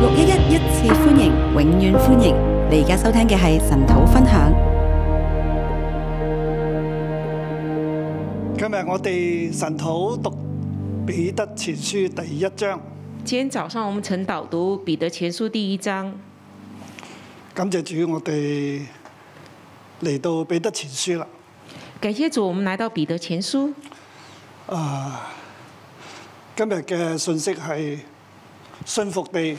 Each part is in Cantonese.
六一一一次歡迎，永遠歡迎！你而家收聽嘅係神徒分享。今日我哋神徒讀彼得前書第一章。今天早上我們晨禱讀彼得前書第一章。感謝主，我哋嚟到彼得前書啦。感謝主，我們來到彼得前書。啊，今日嘅信息係信服地。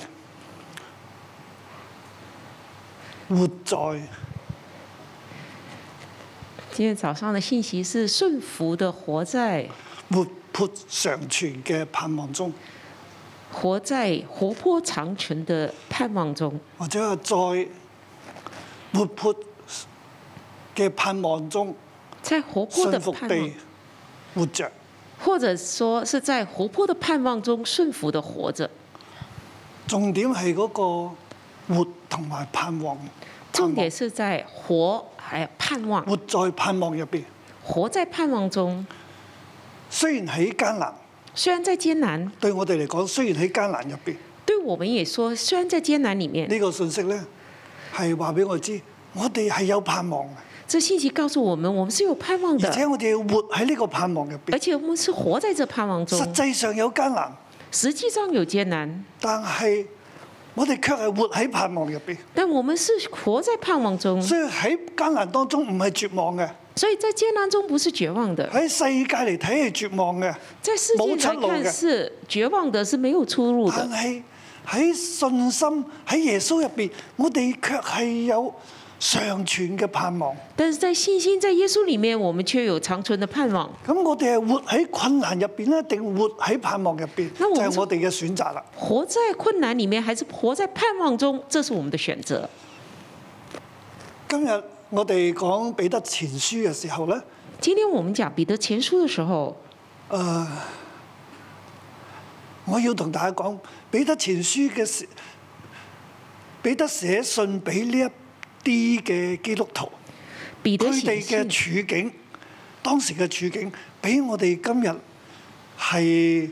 活在。今天早上的信息是順服的活在活潑長存嘅盼望中，活在活潑長存的盼望中，或者在活潑嘅盼望中，在活潑的盼望中活着，或者說是在活潑的盼望中順服的活着。重點係嗰個。活同埋盼望，重點是在活，還有盼望。活在盼望入邊，活在盼望中。雖然喺艱難，雖然在艱難，對我哋嚟講，雖然喺艱難入邊，對我們也說，雖然在艱難裏面，呢、這個信息咧，係話俾我知，我哋係有盼望嘅。這信息告訴我們，我們是有盼望的，而且我哋要活喺呢個盼望入邊，而且我們是活在這盼望中。實際上有艱難，實際上有艱難，但係。我哋卻係活喺盼望入邊，但我們是活在盼望中，所以喺艱難當中唔係絕望嘅。所以在艱難中不是絕望的。喺世界嚟睇係絕望嘅。在世界睇，冇出路嘅。是絕望的，是沒有出路。但係喺信心喺耶穌入邊，我哋卻係有常存嘅盼望，但是在信心、在耶穌裏面，我們卻有長存的盼望。咁我哋係活喺困難入邊呢，定活喺盼望入邊，就係我哋嘅選擇啦。活在困難裏面，還是活在盼望中，這是我們的選擇。今日我哋講彼得前書嘅時候呢，今天我們講彼得前書嘅時候，誒、呃，我要同大家講彼得前書嘅，時，彼得寫信俾呢一。啲嘅基督徒，彼得佢哋嘅處境，當時嘅處境，比我哋今日係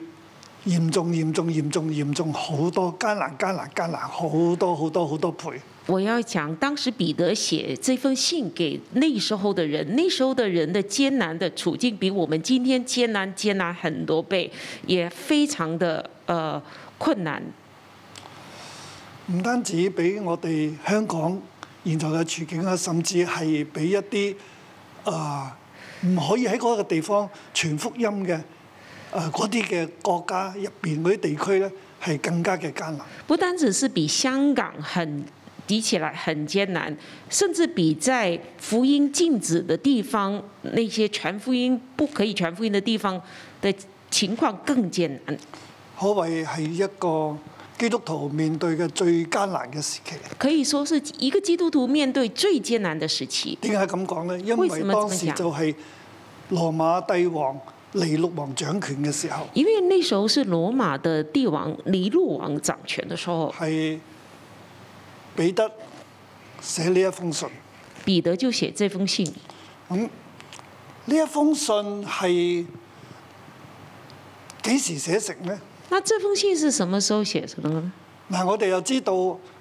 嚴重嚴重嚴重嚴重好多，艱難艱難艱難好多好多好多倍。我要講當時彼得寫這封信給那時候的人，那時候的人的艱難的處境，比我們今天艱難艱難很多倍，也非常的、呃、困難，唔單止比我哋香港。現在嘅處境啊，甚至係比一啲啊唔可以喺嗰個地方傳福音嘅啊嗰啲嘅國家入邊嗰啲地區咧，係更加嘅艱難。不單止是比香港很比起來很艱難，甚至比在福音禁止的地方、那些傳福音不可以傳福音的地方嘅情況更艱難。可謂係一個基督徒面對嘅最艱難嘅時期，可以說是一個基督徒面對最艱難的時期。點解咁講呢？因為當時就係羅馬帝王尼祿王掌權嘅時候。因為那時候是羅馬的帝王尼祿王掌權嘅時候，係彼得寫呢一封信。彼得就寫這封信。咁呢一封信係幾時寫成呢？那這封信是什麼時候寫成的呢？嗱，我哋又知道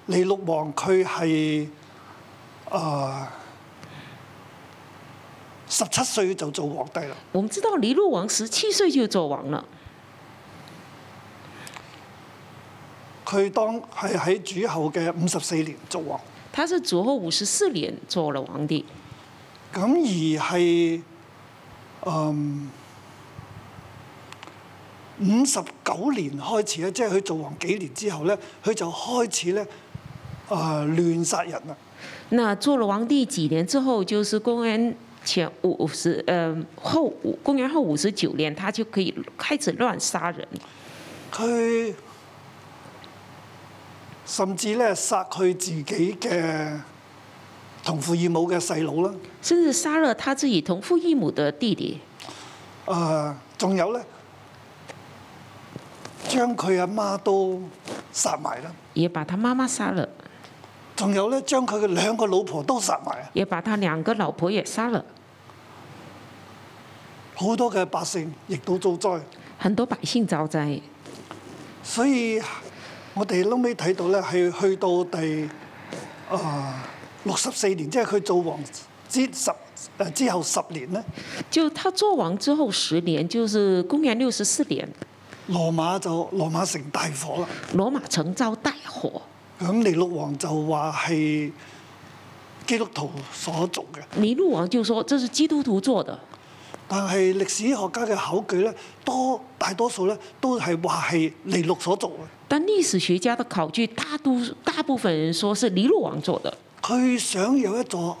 尼祿王佢係，啊，十七歲就做皇帝啦。我們知道尼祿王十七歲就做王了，佢當係喺主後嘅五十四年做王。他是主後五十四年做了皇帝，咁而係，嗯。五十九年開始咧，即係佢做王幾年之後咧，佢就開始咧啊、呃、亂殺人啦。嗱，做了皇帝幾年之後，就是公元前五十，嗯，後五，公元後五十九年，他就可以開始亂殺人。佢甚至咧殺佢自己嘅同父異母嘅細佬啦。甚至殺了他自己同父異母的弟弟。啊、呃，仲有咧？將佢阿媽都殺埋啦！也把他媽媽殺了。仲有咧，將佢嘅兩個老婆都殺埋。也把他兩個老婆也殺了。好多嘅百姓亦都遭災。很多百姓遭災。所以我哋後尾睇到咧，係去到第啊六十四年，即係佢做王之十之後十年咧。就他做王之後十年，就是公元六十四年。羅馬就羅馬城大火啦！羅馬城遭大，大火。咁尼禄王就話係基督徒所做嘅。尼禄王就說：這是基督徒做的。但係歷史學家嘅考據咧，多大多數咧都係話係尼禄所做嘅。但歷史學家嘅考據，大多大部分人說是尼禄王做的。佢想有一座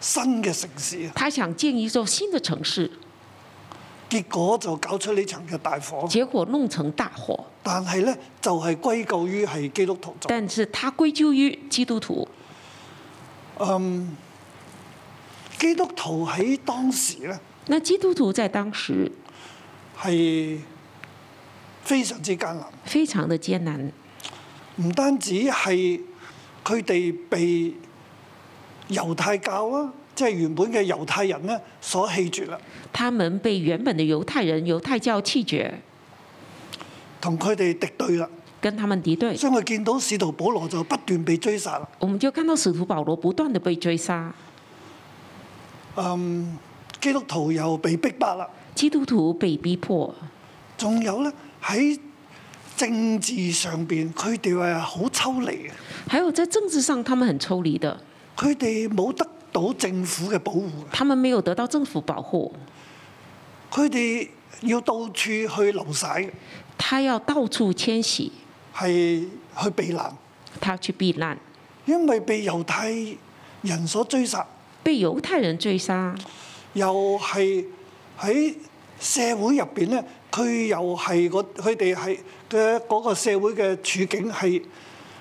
新嘅城市。他想建一座新嘅城市。結果就搞出呢場嘅大火，結果弄成大火。但係咧，就係、是、歸咎於係基督徒。但是，他歸咎於基督徒。嗯，基督徒喺當時咧，那基督徒在當時係非常之艱難，非常的艱難。唔單止係佢哋被猶太教啊。即係原本嘅猶太人呢，所棄絕啦。他們被原本嘅猶太人、猶太教棄絕，同佢哋敵對啦。跟他們敵對。所以見到使徒保羅就不斷被追殺啦。我們就看到使徒保羅不斷地被追殺。嗯，基督徒又被逼迫啦。基督徒被逼迫。仲有呢，喺政治上邊，佢哋係好抽離嘅。還有在政治上，他們很抽離的。佢哋冇得到政府嘅保護，佢哋沒有得到政府保護，佢哋要到處去流徙。他要到處遷徙，係去避難，他去避難，因為被猶太人所追殺，被猶太人追殺，又係喺社會入邊呢，佢又係個，佢哋係嘅嗰個社會嘅處境係。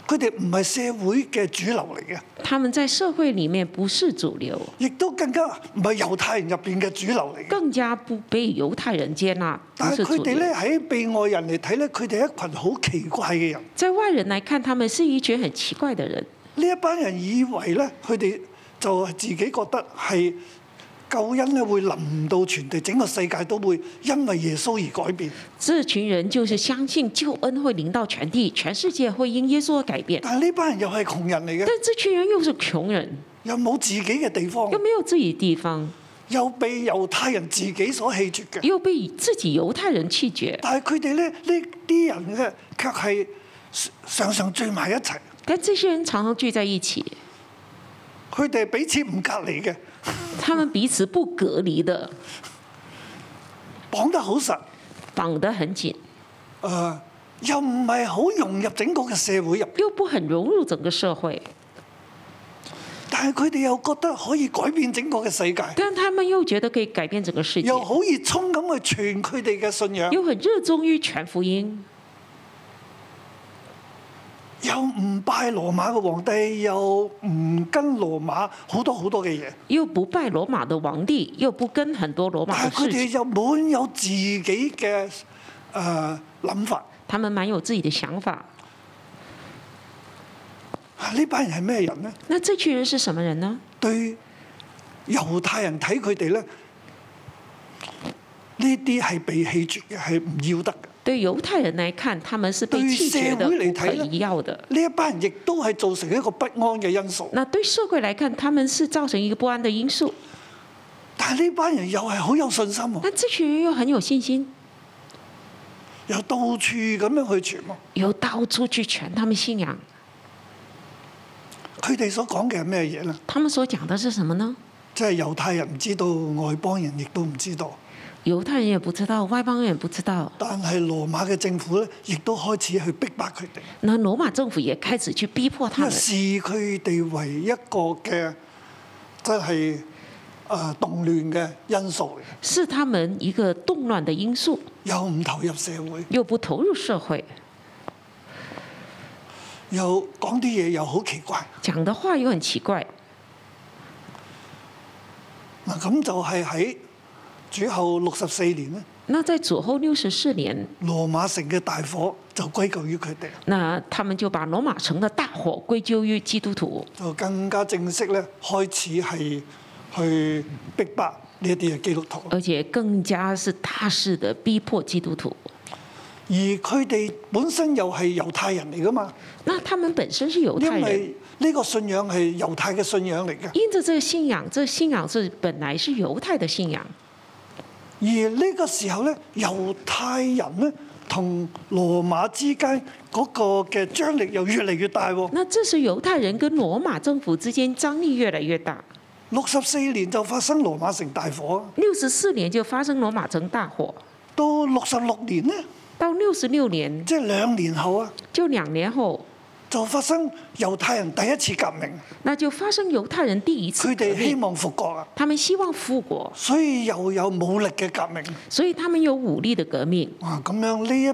佢哋唔係社會嘅主流嚟嘅。他們在社會裏面不是主流，亦都更加唔係猶太人入邊嘅主流嚟嘅。更加不被猶太人接納。但係佢哋咧喺被外人嚟睇咧，佢哋係一群好奇怪嘅人。在外人嚟看，他們是一群很奇怪嘅人。呢一班人以為咧，佢哋就自己覺得係。救恩咧會臨到全地，整個世界都會因為耶穌而改變。這群人就是相信救恩會臨到全地，全世界會因耶穌改變。但係呢班人又係窮人嚟嘅。但係這群人又是窮人，又冇自己嘅地方。又沒有自己地方，又被猶太人自己所棄絕嘅。又被自己猶太人棄絕。但係佢哋咧呢啲人咧，卻係常常聚埋一齊。但係這些人常常聚在一起，佢哋彼此唔隔離嘅。他們彼此不隔離的，綁得好實，綁得很緊。誒、呃，又唔係好融入整個嘅社會入邊，又不很融入整個社會。但係佢哋又覺得可以改變整個嘅世界，但係他們又覺得可以改變整個世界，又好熱衷咁去傳佢哋嘅信仰，又很熱衷於全福音。又唔拜羅馬嘅皇帝，又唔跟羅馬好多好多嘅嘢。又不拜羅馬嘅皇帝，又不跟很多羅馬嘅事。但佢哋又滿有自己嘅誒諗法。他們滿有自己嘅想法。呢班人係咩人呢？那這羣人是什麼人呢？對猶太人睇佢哋咧，呢啲係被棄絕嘅，係唔要得。對猶太人來看，他們是被棄者的，被社會嚟睇唔要的。呢一班人亦都係造成一個不安嘅因素。那對社會來看，他們是造成一個不安嘅因素。但係呢班人又係好有信心喎。但這群人又很有信心，又到處咁樣去傳播，又到處去傳他們信仰。佢哋所講嘅係咩嘢呢？他們所講嘅是什麼呢？即係猶太人唔知道，外邦人亦都唔知道。猶太人也不知道，外邦人也不知道。但係羅馬嘅政府咧，亦都開始去逼迫佢哋。那羅馬政府也開始去逼迫他們。視佢哋為一個嘅，即係啊，動亂嘅因素。是他們一個動亂的因素。又唔投入社會。又不投入社會。又講啲嘢又好奇怪。講的話又很奇怪。嗱，咁就係喺。主後六十四年呢？那在主後六十四年，羅馬城嘅大火就歸咎於佢哋。那他們就把羅馬城嘅大火歸咎於基督徒。就更加正式咧，開始係去逼迫呢一啲嘅基督徒，而且更加是大肆的逼迫基督徒。而佢哋本身又係猶太人嚟噶嘛？那他們本身是猶太人，呢個信仰係猶太嘅信仰嚟嘅。因着這個信仰，這個、信仰是本來是猶太的信仰。而呢個時候咧，猶太人咧同羅馬之間嗰個嘅張力又越嚟越大喎。那即係猶太人跟羅馬政府之間張力越來越大。六十四年就發生羅馬城大火。六十四年就發生羅馬城大火。到六十六年呢？到六十六年。即係兩年後啊？就兩年後。就發生猶太人第一次革命，那就發生猶太人第一次，佢哋希望復國啊！他們希望復國，所以又有武力嘅革命。所以他們有武力嘅革命。哇！咁樣呢一，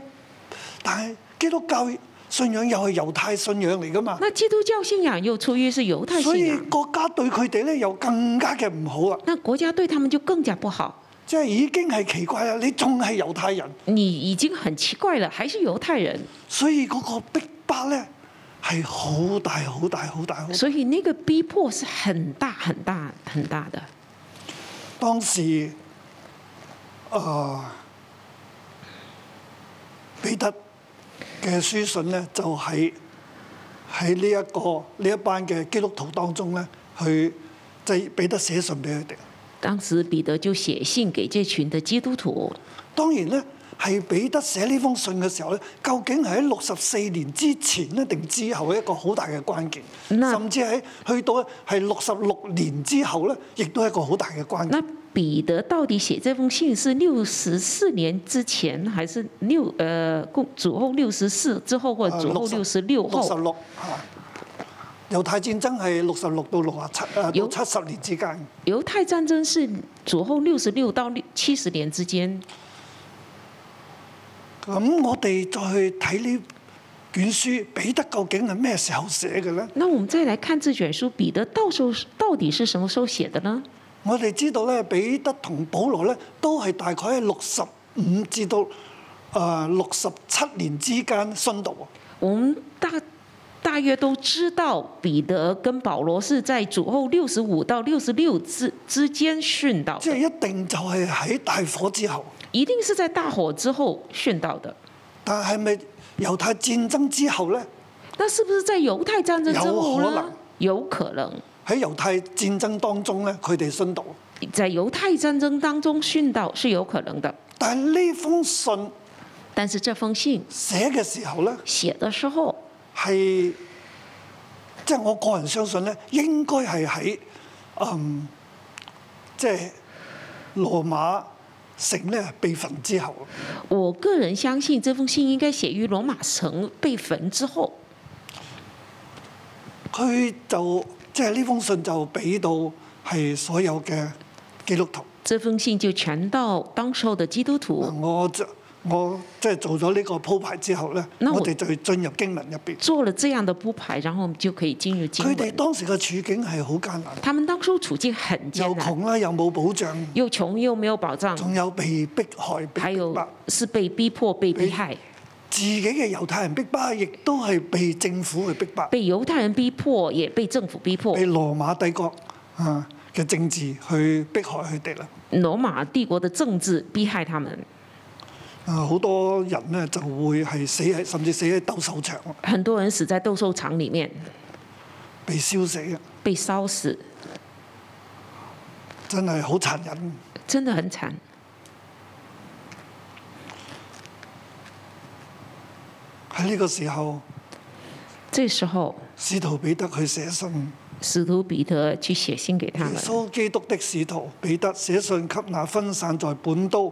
但係基督教信仰又係猶太信仰嚟噶嘛？那基督教信仰又出於是猶太信仰，所以國家對佢哋咧又更加嘅唔好啦、啊。那國家對他們就更加不好，即、就、係、是、已經係奇怪啦！你仲係猶太人，你已經很奇怪了，還是猶太人？所以嗰個逼迫咧，係好大、好大、好大、好大，所以呢個逼迫是很大、很大、很大的。當時，啊、呃、彼得嘅書信呢，就喺喺呢一個呢一班嘅基督徒當中呢，去即係、就是、彼得寫信俾佢哋。當時彼得就寫信給這群的基督徒，當然呢。係彼得寫呢封信嘅時候咧，究竟係喺六十四年之前咧，定之後一個好大嘅關鍵，甚至喺去到係六十六年之後咧，亦都係一個好大嘅關鍵。那彼得到底寫這封信是六十四年之前，還是六誒？過、呃、主後六十四之後，或者主後六十六後？六十六嚇，猶太戰爭係六十六到六啊七誒到七十年之間。猶太戰爭是主後六十六到七十、啊、年之間。咁我哋再去睇呢卷書，彼得究竟係咩時候寫嘅呢？那我們再來看這卷書，彼得到時候到底是什麼時候寫的呢？我哋知道咧，彼得同保羅咧都係大概喺六十五至到啊六十七年之間殉道。我們大大約都知道彼得跟保羅是在主後六十五到六十六之之間殉道。即係一定就係喺大火之後。一定是在大火之後殉道的，但係咪猶太戰爭之後呢？那是不是在猶太戰爭之後呢？有可能。喺猶太戰爭當中呢，佢哋殉道。在猶太戰爭當中殉道是有可能的。但係呢封信，但是這封信寫嘅時候呢，寫嘅時候係即係我個人相信呢，應該係喺嗯即係羅馬城，被焚之後，我個人相信這封信應該寫於羅馬城被焚之後。佢就即係呢封信就俾到係所有嘅基督徒。這封信就傳到當時候的基督徒。我就。我即係做咗呢個鋪排之後咧，那我哋就進入經文入邊。做了這樣的鋪排，然後我哋就可以進入。佢哋當時嘅處境係好艱難。他們當時處境很艱難。又窮啦，又冇保障。又窮又沒有保障。仲有被迫害、逼迫。係有，是被逼迫、被迫害。自己嘅猶太人逼迫，亦都係被政府去逼迫。被猶太人逼迫，也被政府逼迫。被羅馬帝國啊嘅政治逼迫去迫害佢哋啦。羅馬帝國的政治迫害他們。啊！好多人呢，就會係死喺甚至死喺鬥獸場。很多人死在鬥獸場裏面，被燒死啊！被燒死，真係好殘忍。真的很慘。喺呢個時候，這時候，使徒彼得去寫信。使徒彼得去寫信給他們。耶穌基督的使徒彼得寫信給那分散在本都、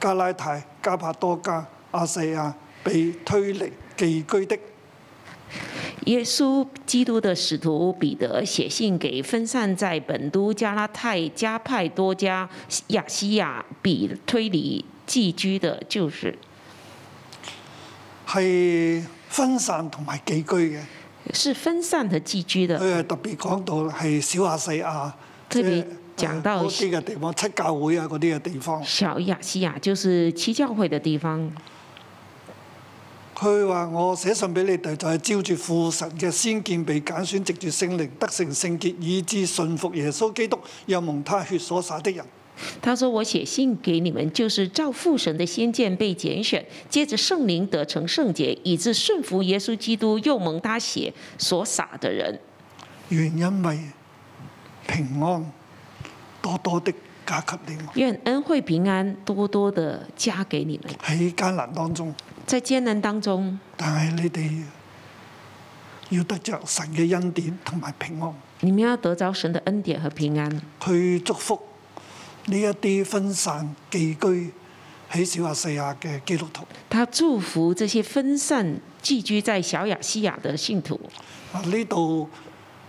加拉太、加帕多加、亞西亞被推離寄居的，耶穌基督的使徒彼得寫信給分散在本都、加拉太、加派多加、亞西亞、被推離寄居的，就是係分散同埋寄居嘅，是分散和寄居的。是分散的寄居的。特別講到係小亞西亞，特別講到嗰啲嘅地方，七教會啊嗰啲嘅地方。小亞細亞就是七教會嘅地方。佢話：我寫信俾你哋，就係照住父神嘅先見被揀選，藉住聖靈得成聖潔，以致信服耶穌基督，又蒙他血所撒的人。他說：我寫信給你們，就是照父神嘅先見被揀選，藉著聖靈得成聖潔，以致信服耶穌基督，又蒙他血所撒的人。原因為平安。多多的加給你。願恩惠平安多多的加給你們。喺艱難當中。在艱難當中。但係你哋要得着神嘅恩典同埋平安。你們要得着神嘅恩典和平安。去祝福呢一啲分散寄居喺小亞細亞嘅基督徒。他祝福這些分散寄居在小亞細亞的信徒。呢度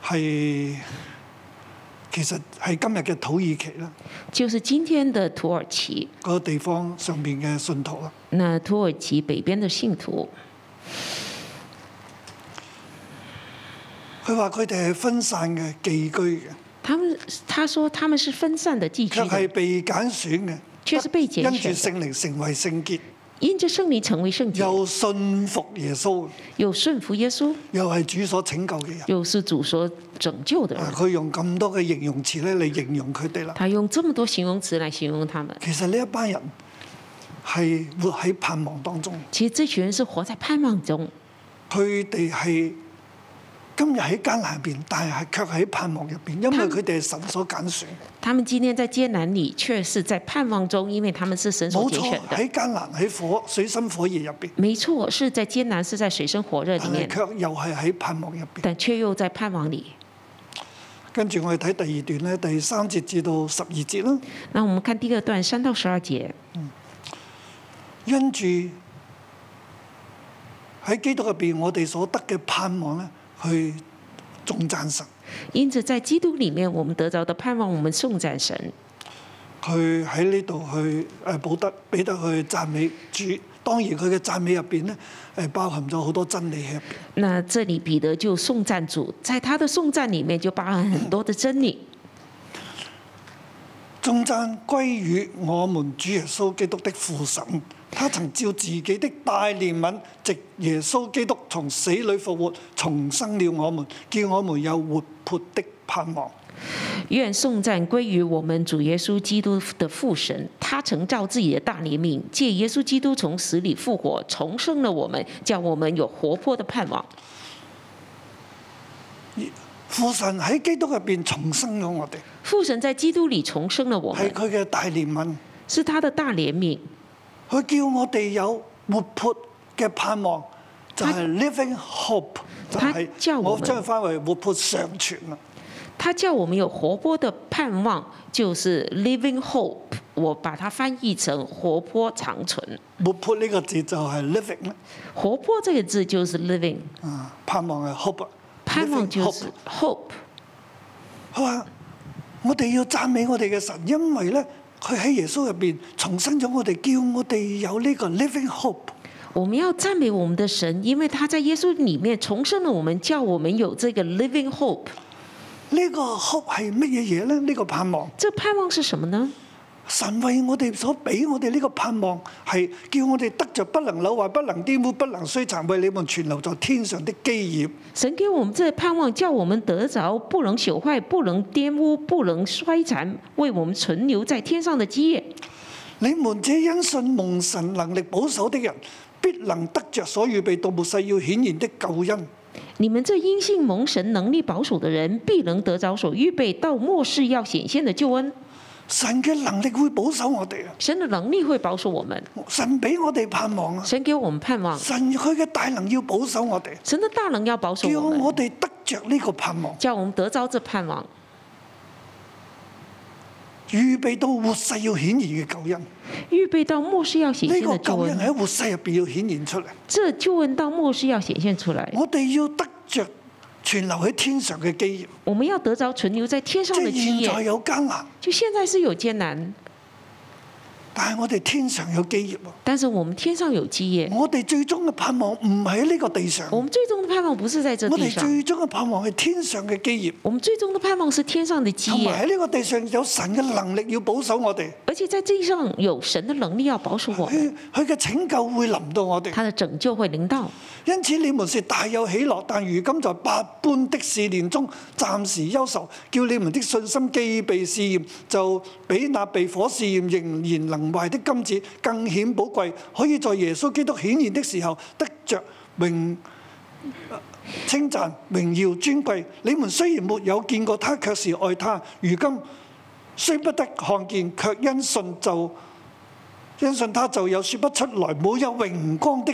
係。其實係今日嘅土耳其啦，就是今天的土耳其嗰、那個地方上面嘅信徒啦。那土耳其北邊的信徒，佢話佢哋係分散嘅、寄居嘅。他們，他說他們是分散的寄居，卻係被揀選嘅，卻是被揀選，跟住聖靈成為聖潔。因着聖靈成為聖潔，又信服耶穌，又信服耶穌，又係主所拯救嘅人，又是主所拯救的人。佢、啊、用咁多嘅形容詞咧嚟形容佢哋啦。他用這麼多形容詞嚟形容他們。其實呢一班人係活喺盼望當中。其實這群人是活在盼望中。佢哋係。今日喺艱難入邊，但係卻喺盼望入邊，因為佢哋係神所揀選嘅。他們今天在艱難裏，卻是在盼望中，因為他們是神所揀選的。喺艱難、喺火、水深火熱入邊。沒錯，是在艱難，是在水深火熱裏面，卻又係喺盼望入邊。但卻又在盼望裏。跟住我哋睇第二段咧，第三節至到十二節啦。那我們看第二段三到十二節。嗯。因住喺基督入邊，我哋所得嘅盼望咧。去頌讚神，因此在基督裏面，我們得到的盼望，我們頌讚神。佢喺呢度去誒，保得彼得去讚美主。當然佢嘅讚美入邊咧，誒包含咗好多真理喺入邊。那這裡彼得就頌讚主，在他的頌讚裏面就包含很多的真理。頌讚歸於我們主耶穌基督的父神。他曾照自己的大憐憫，藉耶穌基督從死裏復活，重生了我們，叫我們有活潑的盼望。願頌讚歸於我們主耶穌基督的父神。他曾照自己的大憐憫，借耶穌基督從死裏復活，重生了我們，叫我們有活潑的盼望。父神喺基督入邊重生咗我哋。父神在基督裏重生了我們。係佢嘅大憐憫。是他的大憐憫。佢叫我哋有活潑嘅盼望，就係、是、living hope，就係、是、我，我將佢翻為活潑長存啦。他叫我們有活潑嘅盼望，就是 living hope，我把它翻譯成活潑長存。活潑呢個字就係 living。活潑這個字就是 living。啊，盼望係 hope。盼望就是 hope。好啊，我哋要讚美我哋嘅神，因為咧。佢喺耶穌入邊重生咗我哋，叫我哋有呢個 living hope。我們要讚美我們的神，因為他在耶穌裡面重生了我們，叫我們有這個 living hope。呢個 hope 係乜嘢嘢咧？呢個盼望？這盼望是什麼呢？神為我哋所畀我哋呢個盼望，係叫我哋得着不能朽壞、不能玷污、不能衰殘，為你們存留在天上的基業。神給我們這盼望，叫我們得着不能朽壞、不能玷污、不能衰殘，為我們存留在天上的基業。你們這因信蒙神能力保守的人，必能得着所預備到末世要顯現的救恩。你們這因信蒙神能力保守的人，必能得著所預備到末世要顯現的救恩。神嘅能力會保守我哋啊！神嘅能力會保守我們。神俾我哋盼望啊！神給我們盼望。神佢嘅大能要保守我哋。神嘅大能要保守我哋。叫我哋得着呢個盼望。叫我們得着這盼望。預備到末世要顯現嘅救恩。預備到末世要顯現嘅救恩喺末、這個、世入邊要顯現出嚟。即係這救恩到末世要顯現出嚟。我哋要得着。存留喺天上嘅基業，我們要得着存留在天上的基業。現在有艱難，就現在是有艱難，但係我哋天上有基業。但是我們天上有基業，我哋最終嘅盼望唔喺呢個地上。我們最終嘅盼望唔係喺呢個地上，我哋最終嘅盼望係天上嘅基業。我們最終嘅盼望係天上嘅基業。我哋最終嘅盼望係天上嘅基業。喺呢個地上有神嘅能力要保守我哋，而且在地上有神嘅能力要保守我哋，佢嘅拯救會臨到我哋，他的拯救會臨到。因此你們是大有喜樂，但如今在百般的試煉中暫時憂愁，叫你們的信心既被試驗，就比那被火試驗仍然能壞的金子更顯寶貴，可以在耶穌基督顯現的時候得著榮稱讚、榮耀尊貴。你們雖然沒有見過他，卻是愛他；如今雖不得看見，卻因信就因信他就有說不出來、冇有榮光的，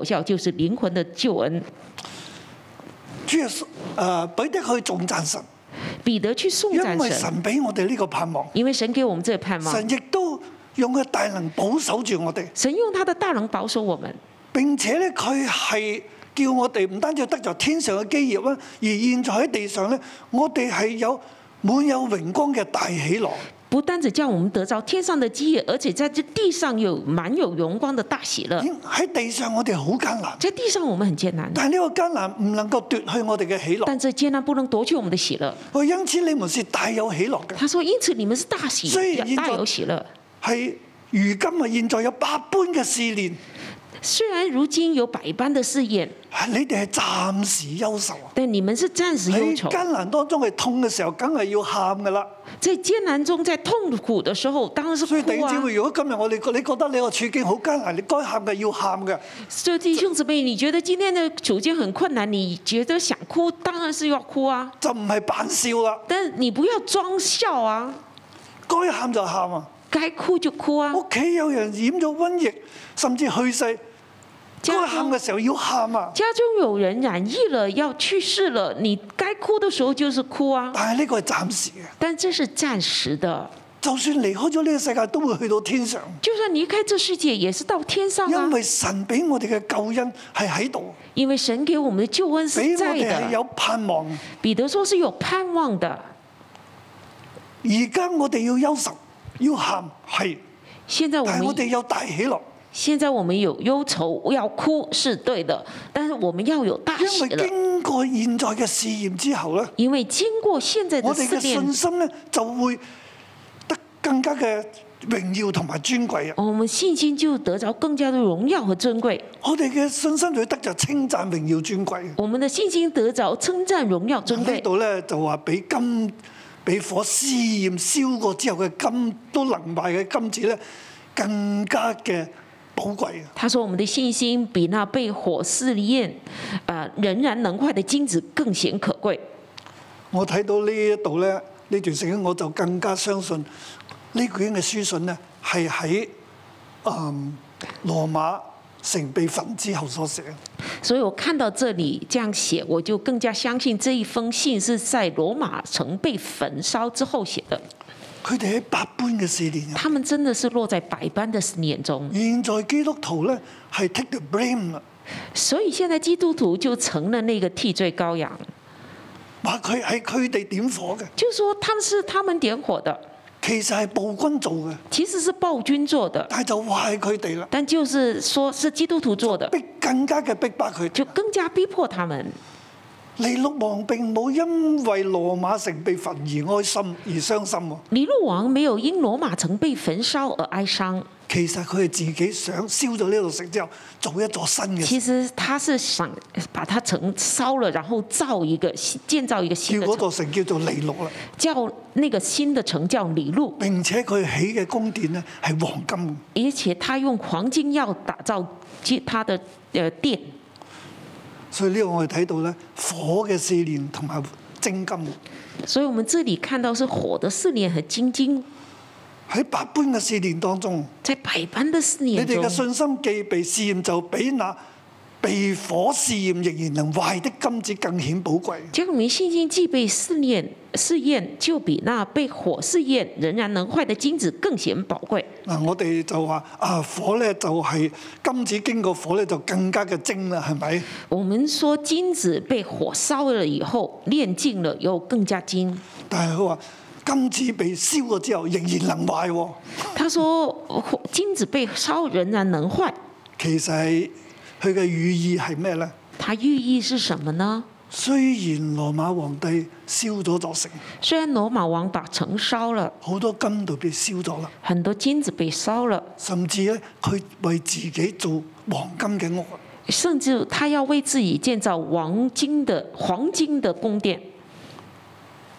效就是靈魂的救恩。主要是誒，彼、呃、得去重讚神，彼得去頌讚神，神俾我哋呢個盼望，因為神給我們這個盼望，神亦都用佢大能保守住我哋。神用他的大能保守我們，並且咧佢係叫我哋唔單止得著天上嘅基業啦，而現在喺地上咧，我哋係有滿有榮光嘅大喜樂。不單止叫我們得着天上的基業，而且在這地上又滿有榮光的大喜樂。喺地上我哋好艱難，在地上我們很艱難。但呢個艱難唔能夠奪去我哋嘅喜樂。但這艱難不能奪去我們嘅喜樂。哦，因此你們是大有喜樂嘅。他說：因此你們是大喜，大有喜樂。係如今啊，現在有百般嘅試煉。雖然如今有百般的試驗，你哋係暫時憂愁啊。但你們是暫時憂愁。艱難當中係痛嘅時候，梗係要喊㗎喇。在艱難中，在痛苦的時候，當然是哭啊，所以弟子會，如果今日我哋你你覺得你個處境好艱難，你該喊嘅要喊嘅。所以弟兄姊妹，就你覺得今天的處境很困難，你覺得想哭，當然是要哭啊！就唔係扮笑啦。但你不要裝笑啊，該喊就喊啊，該哭就哭啊。屋企有人染咗瘟疫，甚至去世。該喊嘅時候要喊啊！家中有人染疫了，要去世了，你該哭的時候就是哭啊！但係呢個係暫時嘅。但這是暫時的。就算離開咗呢個世界，都會去到天上。就算離開這世界，也是到天上。因為神俾我哋嘅救恩係喺度。因為神給我哋嘅救恩是在的。我哋有盼望。彼得說是有盼望的。而家我哋要憂愁，要喊，係。現在我哋要，要我大喜樂。現在我們有憂愁要哭是對的，但是我們要有大喜了。因為經過現在嘅試驗之後咧，因為經過現在我哋嘅信心咧就會得更加嘅榮耀同埋尊貴啊！我們信心就得着更加的榮耀和尊貴，我哋嘅信心就得着稱讚榮耀、尊貴。我們的信心得着稱讚榮耀、尊貴。喺呢度咧就話俾金俾火試驗燒過之後嘅金都能賣嘅金子咧，更加嘅。寶貴啊！他說：我們的信心比那被火試驗，啊、呃、仍然能壞的金子更顯可貴。我睇到呢一度咧，呢段成語我就更加相信呢卷嘅書信咧係喺啊羅馬城被焚之後所寫。所以我看到這裡這樣寫，我就更加相信這一封信是在羅馬城被焚燒之後寫的。佢哋喺百般嘅試煉，佢哋真的是落在百般的試煉中。現在基督徒咧係 take the blame 啦，所以現在基督徒就成了那個替罪羔羊。話佢係佢哋點火嘅，就是說他們是他們點火的，其實係暴君做嘅，其實是暴君做嘅。但就話係佢哋啦。但就是說是基督徒做的，逼更加嘅逼迫佢，就更加逼迫他們。尼祿王並冇因為羅馬城被焚而開心而傷心。尼祿王沒有因羅馬城被焚燒而哀傷。其實佢係自己想燒咗呢座城之後，做一座新嘅。其實他是想把它城燒了，然後造一個建造一個新。叫嗰座城叫做尼祿啦。叫那個新的城叫尼祿。並且佢起嘅宮殿咧係黃金。而且他用黃金要打造建他的呃殿。所以呢個我哋睇到咧，火嘅試煉同埋精金。所以，我們這裡看到是火嘅試煉和精金。喺百般嘅試煉當中，在百般的試煉中，你哋嘅信心既被試驗就，就比那。被火試驗仍然能壞的金子更顯寶貴。教主，你信心既被試驗，試驗就比那被火試驗仍然能壞的金子更顯寶貴。嗱，我哋就話啊，火咧就係、是、金子經過火咧就更加嘅精啦，係咪？我們說金子被火燒了以後，煉淨了又更加精。但係佢話金子被燒咗之後，仍然能壞喎、哦。他說金子被燒仍然能壞。其實。佢嘅寓意係咩呢？它寓意是什麼呢？雖然羅馬皇帝燒咗座城，雖然羅馬王把城燒了，好多金都被燒咗啦，很多金子被燒了，甚至咧佢為自己做黃金嘅屋，甚至他要為自己建造黃金的黃金的宮殿。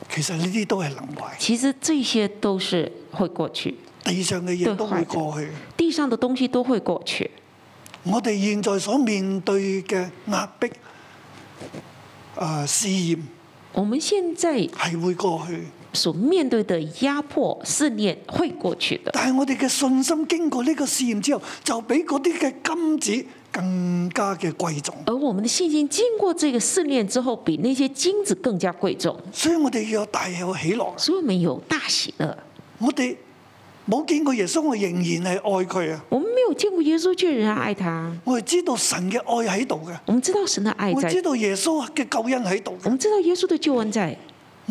其實呢啲都係能壞。其實這些都是會過去，地上嘅嘢都會過去，地上的東西都會過去。我哋現在所面對嘅壓迫，啊試驗，我們現在係會過去所面對的壓迫試驗，會過去的。但係我哋嘅信心經過呢個試驗之後，就比嗰啲嘅金子更加嘅貴重。而我們嘅信心經過這個試驗之後，比呢些金子更加貴重，重。所以我哋有大有喜樂。所以，我哋有大喜樂。我哋。冇見過耶穌，我仍然係愛佢啊！我們沒有見過耶穌，就仍然愛他。我哋知道神嘅愛喺度嘅。我們知道神的愛在。我們知道耶穌嘅救恩喺度。我們知道耶穌的救恩在。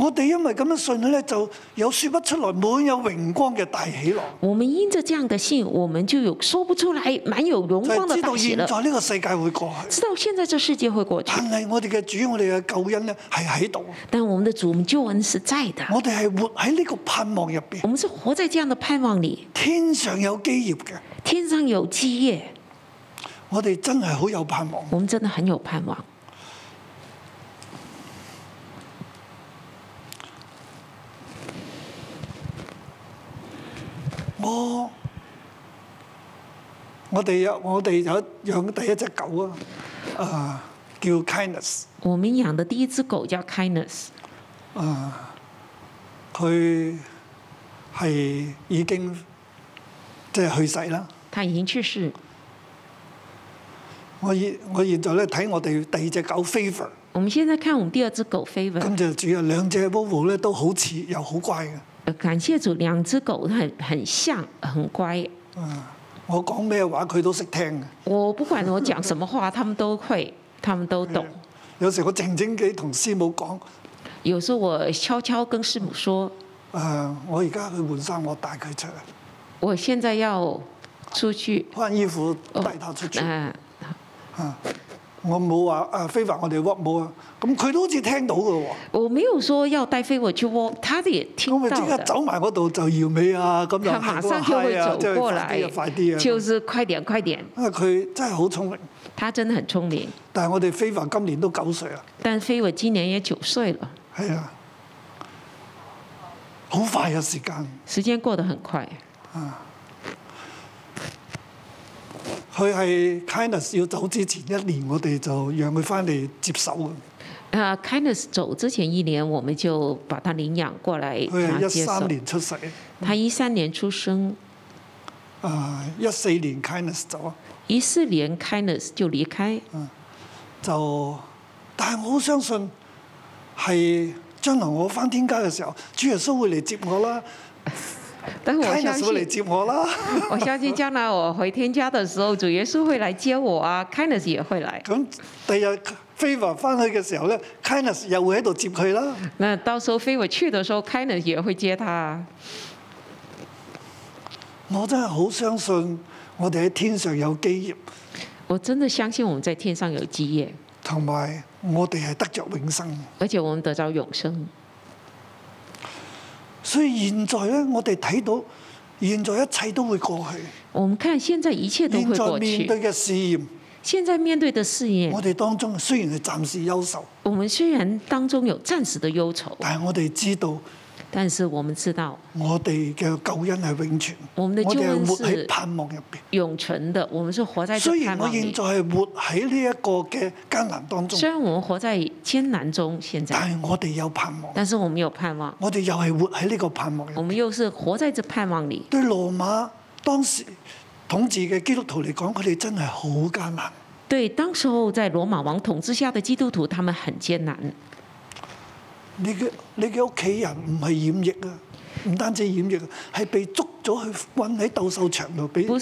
我哋因為咁樣信佢咧，就有說不出來滿有，有榮光嘅大喜樂。我們因着這樣嘅信，我們就有說不出來滿有榮光嘅大喜樂。知道現在呢個世界會過去。知道現在這世界會過去。但係我哋嘅主，我哋嘅救恩呢係喺度。但我們嘅主，我們救恩是在嘅。我哋係活喺呢個盼望入邊。我們是活在這樣的盼望裏。天上有基業嘅。天上有基業。我哋真係好有盼望。我們真的很有盼望。我我哋有我哋有，我有養第一隻狗啊，啊叫 Kindness。我們養的第一隻狗叫 Kindness。啊，佢係已經即係去世啦。他已經去世。我現我現在咧睇我哋第二隻狗 favor。我們現在看我們第二隻狗 favor。咁就主要兩隻寶寶咧都好似又好乖嘅。感謝主兩隻，兩隻狗很很像，很乖。嗯，我講咩話佢都識聽。我不管我講什麼話， 他們都會，他們都懂。有時候我靜靜地同師母講。有時我悄悄跟師母說。誒、嗯呃，我而家去換衫，我帶佢出嚟。我現在要出去。換衣服，帶他出去。哦呃、嗯。我冇話啊，非凡我哋握冇啊，咁佢都好似聽到㗎喎。我冇有說要帶非凡去握，佢哋也聽到。我即刻走埋嗰度就搖尾啊！咁又行過下啊，即係快啲啊，快啲啊！就是快點，快點。啊！佢真係好聰明。他真的很聰明。但係我哋非凡今年都九歲啦。但非凡今年也九歲了。係啊，好快啊時間。時間過得很快。啊。佢係 Kindness 要走之前一年，我哋就讓佢翻嚟接手嘅。啊、uh，Kindness 走之前一年，我們就把他領養過嚟。佢一三年出世，他一三年出生。啊，一、uh, 四年 Kindness 走，一四年 Kindness 就離開。Uh, 就，但係我好相信係將來我翻天家嘅時候，主耶穌會嚟接我啦。等我會來接我啦，我相信將來我回天家的時候， 主耶穌會來接我啊 ，Kenneth 也會來。咁第日飛 a 翻去嘅時候咧，Kenneth 又會喺度接佢啦。那到時候飛 a 去的時候，Kenneth 也，也會接他。我真係好相信，我哋喺天上有基業。我真的相信我們在天上有基業，同埋我哋係得着永生。而且我們得着永生。所以現在咧，我哋睇到現在一切都會過去。我們看現在一切都會過去。現在面對嘅試驗，現在面對的試驗，我哋當中雖然係暫時憂愁。我們雖然當中有暫時的憂愁，但係我哋知道。但是我們知道，我哋嘅救恩係永存。我們嘅救恩是盼望入邊永存的，我們是活在。雖然我現在係活喺呢一個嘅艱難當中，雖然我們活在艱難中，現在，但係我哋有盼望。但是我們有盼望，我哋又係活喺呢個盼望。我們又是活在這盼望裡。對羅馬當時統治嘅基督徒嚟講，佢哋真係好艱難。對，當時候在羅馬王統治下嘅基督徒，他們很艱難。你嘅你嘅屋企人唔係染疫啊，唔單止染疫啊，係被捉咗去關喺鬥獸場度，俾同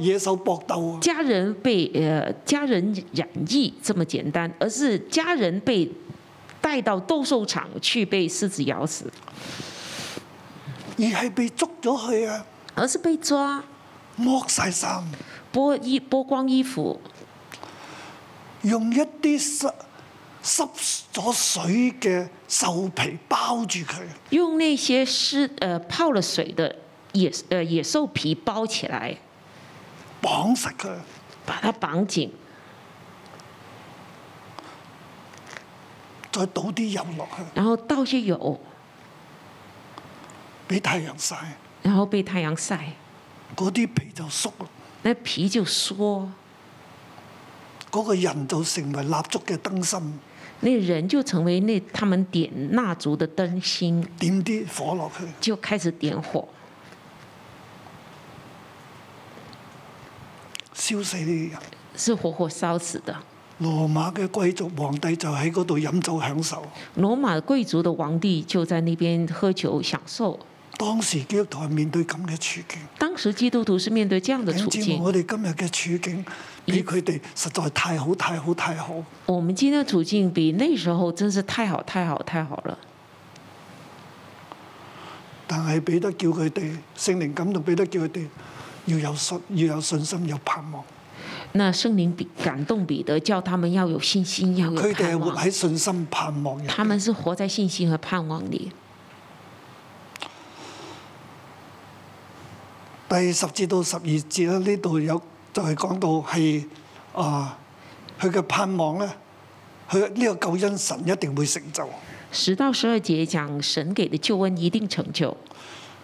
野獸搏鬥啊！家人被誒、呃、家人染疫這麼簡單，而是家人被帶到鬥獸場去被獅子咬死，而係被捉咗去啊！而是被抓，剝晒衫，剝衣剝光衣服，用一啲濕咗水嘅獸皮包住佢，用那些濕誒、呃、泡了水的野誒野獸皮包起來，綁實佢，把它綁緊，再倒啲油落去，然後倒些油，畀太陽晒，然後畀太陽晒，嗰啲皮就縮，啲皮就縮，嗰、那個人就成為蠟燭嘅燈芯。那人就成為那他們點蠟燭的燈芯，點啲火落去，就開始點火，燒死啲人，是活活燒死的。羅馬嘅貴族皇帝就喺嗰度飲酒享受，羅馬貴族的皇帝就在那邊喝酒享受。當時基督徒係面對咁嘅處境，當時基督徒是面對這樣的處境。我哋今日嘅處境比佢哋實在太好、太好、太好。我們今天處境比那時候真是太好、太好、太好了。但係彼得叫佢哋，聖靈感動彼得叫佢哋要有信，要有信心，有盼望。那聖靈感動彼得叫他們要有信心，要有盼望。佢哋係活喺信心盼望。他們是活在信心和盼望裏。第十節到十二節呢度有就係、是、講到係啊，佢、呃、嘅盼望咧，佢呢個救恩神一定會成就。十到十二節講神給的救恩一定成就。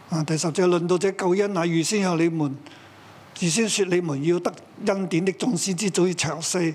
啊，第十節論到這救恩乃預先有你們，預先説你們要得恩典的眾先知早已詳細。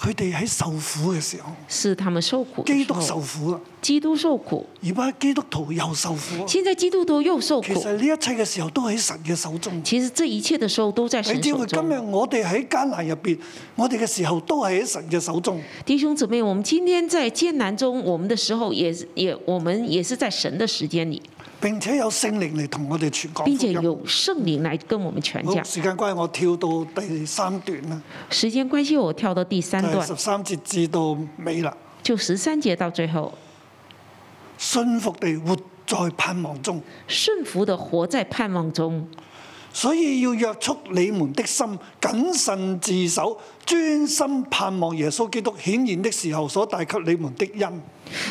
佢哋喺受苦嘅時候，是他們受苦嘅時候，基督受苦啦，基督受苦，而家基督徒又受苦。現在基督徒又受苦。其實呢一切嘅時候都喺神嘅手中。其實這一切嘅時候都喺神嘅手中。今日我哋喺艱難入邊，我哋嘅時候都喺神嘅手中。弟兄姊妹，我們今天在艱難中，我們嘅時候也也，我們也是在神的時間裏。並且有聖靈嚟，同我哋全港。並且有聖靈嚟跟我們全家。好，時間關係，我跳到第三段啦。時間關係，我跳到第三段。十三節至到尾啦。就十三節到最後。順服地活在盼望中。順服地活在盼望中。所以要約束你們的心，謹慎自守，專心盼望耶穌基督顯現的時候所帶給你們的恩。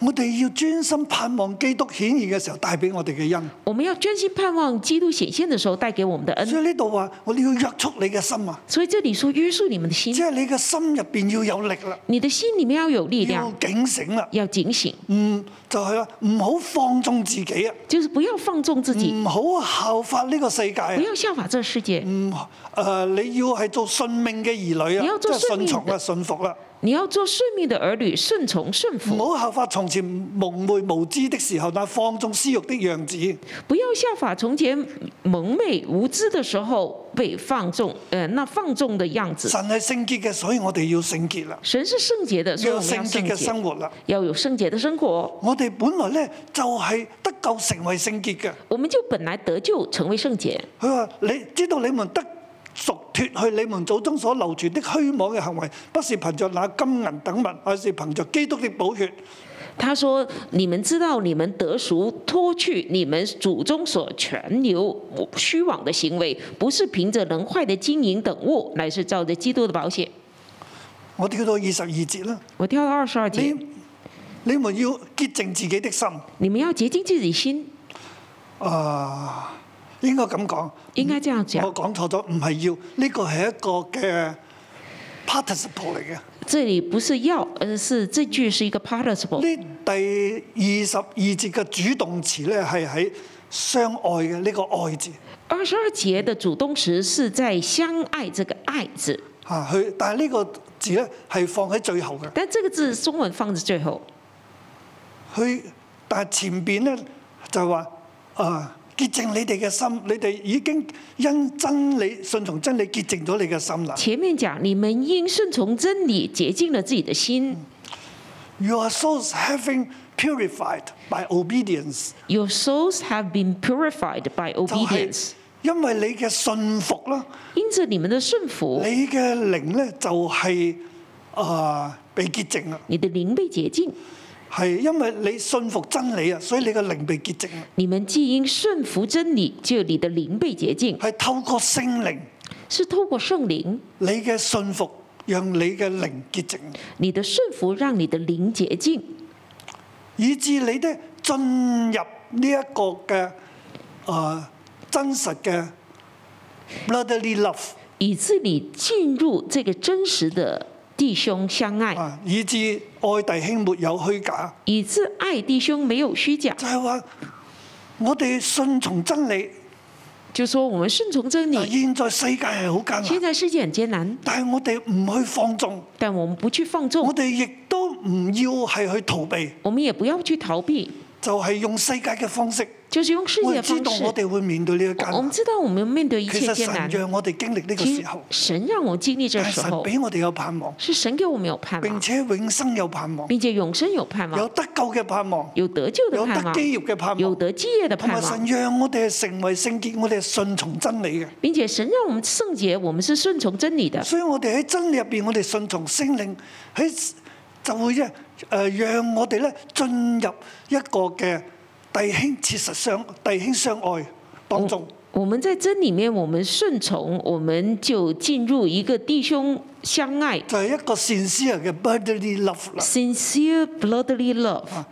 我哋要專心盼望基督顯現嘅時候帶俾我哋嘅恩。我們要專心盼望基督顯現嘅時候帶給我們嘅恩。所以呢度話，我哋要約束你嘅心啊。所以這裏說約束你們的心。即係你嘅心入邊要有力啦。你嘅心裏面要有力量。要警醒啦，要警醒。嗯，就係啊，唔好放縱自己啊。就是不要放縱自己。唔好效法呢個世界啊。不要效法這個世界。唔，嗯，誒、呃，你要係做順命嘅兒女啊，你要做命的，就是，順從啊，順服啦。你要做順命的兒女，順從順服。唔好效法從前蒙昧無知的時候，那放縱私欲的樣子。不要效法從前蒙昧無知的時候被放縱，誒、呃，那放縱的樣子。神係聖潔嘅，所以我哋要聖潔啦。神是聖潔嘅，要有聖潔嘅生活啦。要有聖潔嘅生活。我哋本來咧就係得救成為聖潔嘅。我們就本來得救成為聖潔。佢話你知道你們得。贖脱去你們祖宗所留傳的虛妄嘅行為，不是憑着那金銀等物，而是憑着基督的寶血。他說：你們知道你們得贖脱去你們祖宗所全留虛妄嘅行為，不是憑着能壞的金銀等物，乃是照着基督的寶血。我跳到二十二節啦。我跳到二十二節。你，你們要潔淨自己的心，你們要潔淨自己心。啊！應該咁講，應該這樣講。我講錯咗，唔係要呢個係一個嘅 participle 嚟嘅。這裡不是要，而是這句是一個 participle。呢第二十二節嘅主動詞咧，係喺相愛嘅呢、這個愛字。二十二節嘅主動詞是在相愛，這個愛字。啊，佢但係呢個字咧係放喺最後嘅。但係呢個字中文放喺最後。佢但係前邊咧就話啊。呃潔淨你哋嘅心，你哋已經因真理順從真理潔淨咗你嘅心啦。前面講你們應順從真理潔淨了自己的心。Your souls having purified by obedience. Your souls have been purified by obedience.、就是、因為你嘅信服啦。因着你們的信服。你嘅靈呢，就係啊被潔淨啦。你的靈被潔淨。係因為你信服真理啊，所以你嘅靈被潔淨啊。你們既因信服真理，就你的靈被潔淨。係透過聖靈，是透過聖靈，你嘅信服讓你嘅靈潔淨。你的信服讓你的靈潔淨，以至你哋進入呢一個嘅啊真實嘅、啊啊、brotherly love，以致你進入這個真實的。弟兄相愛，以致愛弟兄沒有虛假；以致愛弟兄沒有虛假。就係話，我哋順從真理，就說我們順從真理。現在世界係好艱難，現在世界很艱難。但係我哋唔去放縱，但我們不去放縱。我哋亦都唔要係去逃避，我們也不要去逃避。就係、是、用世界嘅方式，就是、用世界嘅方式，我知道我哋會面對呢個艱難。我，我知道我哋要面對一切艱難。神讓我哋經歷呢個時候，神讓我經歷這個時候，但係神俾我哋有盼望。是神給我哋有盼望，並且永生有盼望，並且永生有盼望，有得救嘅盼望，有得救嘅盼望，有得基業嘅盼望，有得基業的盼望。同埋神讓我哋係成為聖潔，我哋係順從真理嘅，並且神讓我們聖潔，我們是順從真理嘅。所以我哋喺真理入邊，我哋順從聖靈，喺就會一。誒，讓我哋咧進入一個嘅弟兄切實相弟兄相愛當中。我們在真理裏面，我們順從，我們就進入一個弟兄相愛。就係、是、一個 sincere 嘅 bloody love Sincere, bloody love、啊。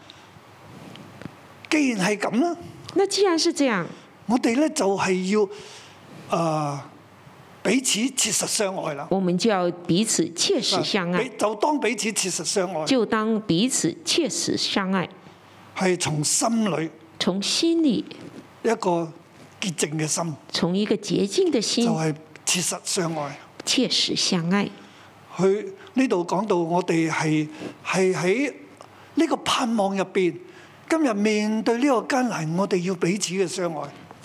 既然係咁啦，那既然是這樣，我哋咧就係、要、呃彼此切實相愛啦，我們就要彼此切實相愛。就當彼此切實相愛，就當彼此切實相愛，係從心裏，從心裏一個潔淨嘅心，從一個潔淨的心，就係、是、切實相愛。切實相愛。佢呢度講到我哋係係喺呢個盼望入邊，今日面對呢個艱難，我哋要彼此嘅相愛。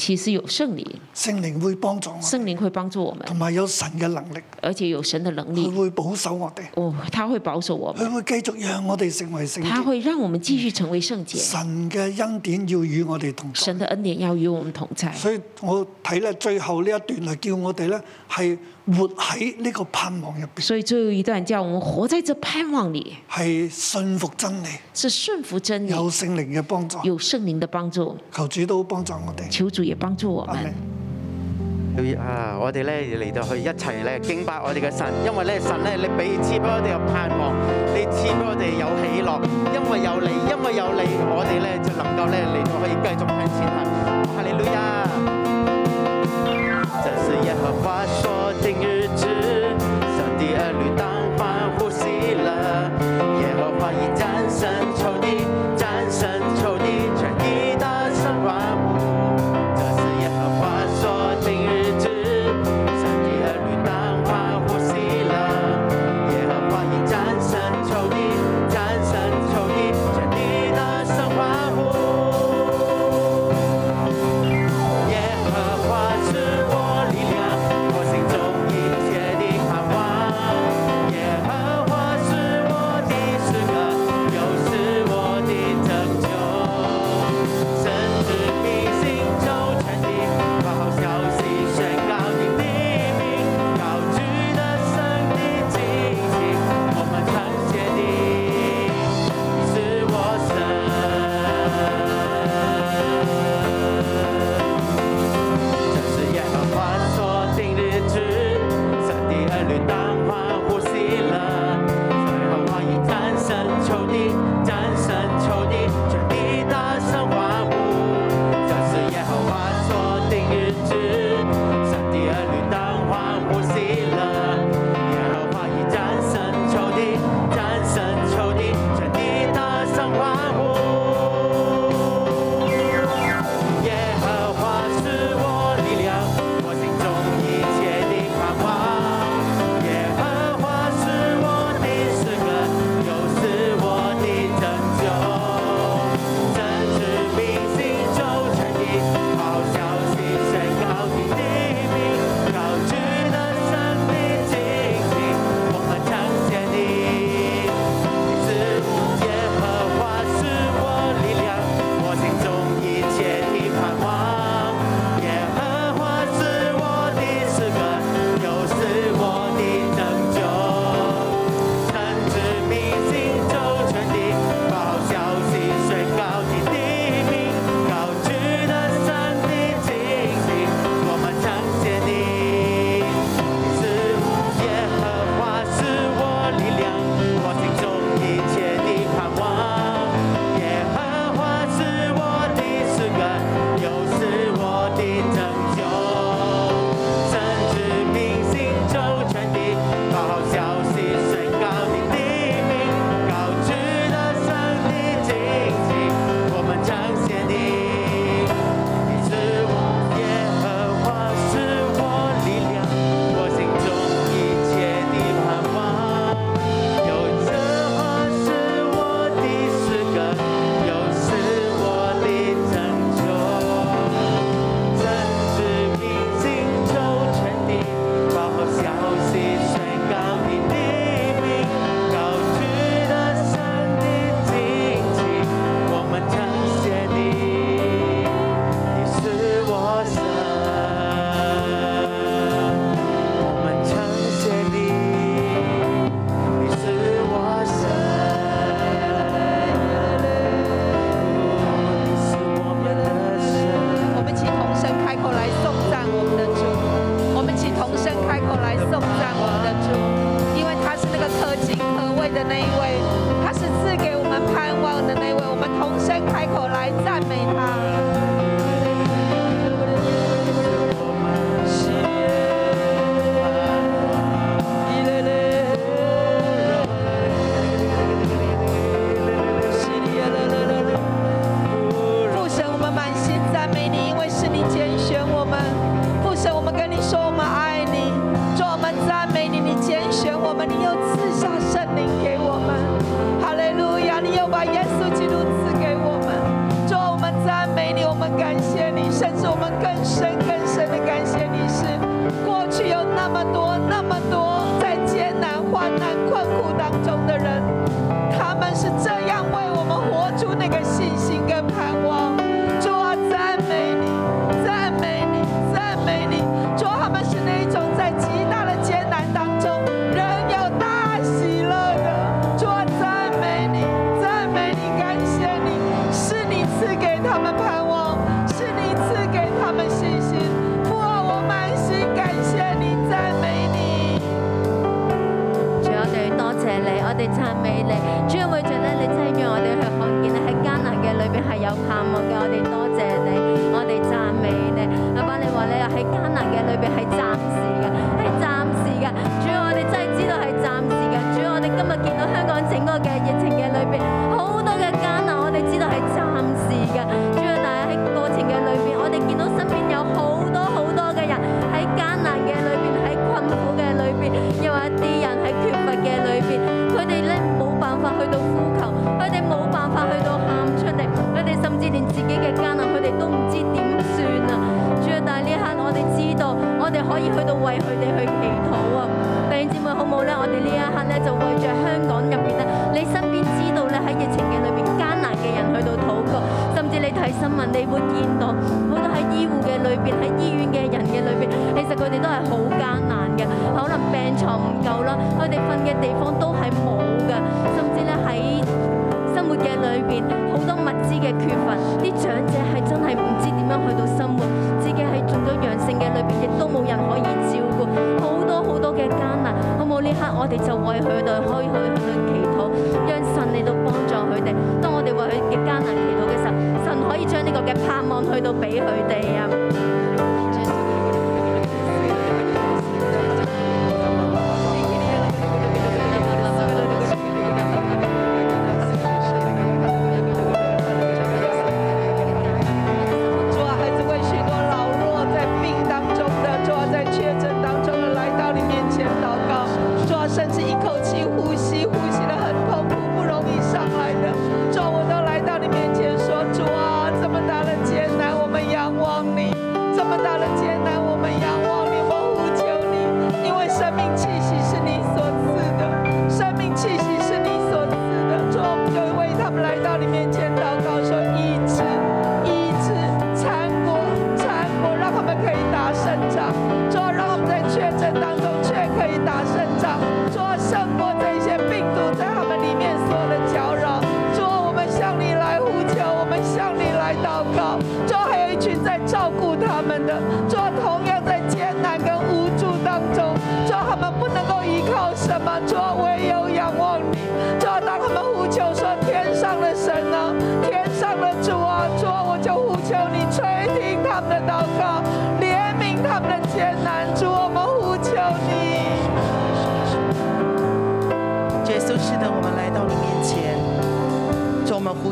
其實有聖靈，聖靈會幫助我。聖靈會幫助我們，同埋有神嘅能力，而且有神嘅能力。佢會保守我哋。哦，他會保守我們。佢會繼續讓我哋成為聖。他會讓我們繼續成為聖潔。神嘅恩典要與我哋同在。神嘅恩典要與我們同在。所以我睇咧最後呢一段係叫我哋咧係活喺呢個盼望入邊。所以最後一段叫我們活在這盼望裏，係信服真理，是順服真理，有聖靈嘅幫助，有聖靈的幫助。求主都幫助我哋。求主。也幫助我們啊，我哋咧嚟到去一齊咧敬拜我哋嘅神，因為咧神咧，你俾賜俾我哋有盼望，你賜俾我哋有喜樂，因為有你，因為有你，我哋咧就能夠咧嚟到可以繼續向前行。係你女啊！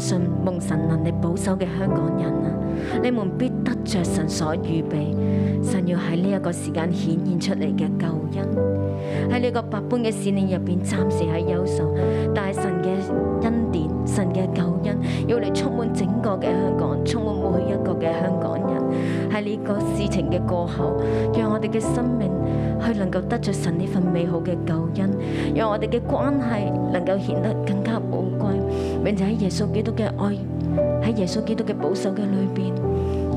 信蒙神能力保守嘅香港人啊，你們必得着神所預備，神要喺呢一個時間顯現出嚟嘅救恩，喺呢個百般嘅試煉入邊暫時係憂愁，但係神嘅恩典、神嘅救恩要嚟充滿整個嘅香港，充滿每一個嘅香港人，喺呢個事情嘅過後，讓我哋嘅生命去能夠得着神呢份美好嘅救恩，讓我哋嘅關係能夠顯得更加。現在喺耶穌基督嘅愛，喺耶穌基督嘅保守嘅裏邊，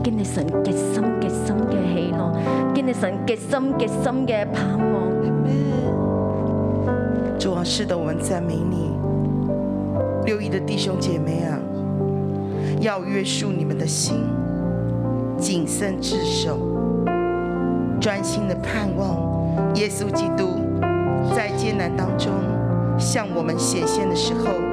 經歷神極深極深嘅喜樂，經歷神極深極深嘅盼望。阿門。主啊，是的，我們讚美你。六億的弟兄姐妹啊，要約束你們的心，謹慎自守，專心的盼望耶穌基督在艱難當中向我們顯現的時候。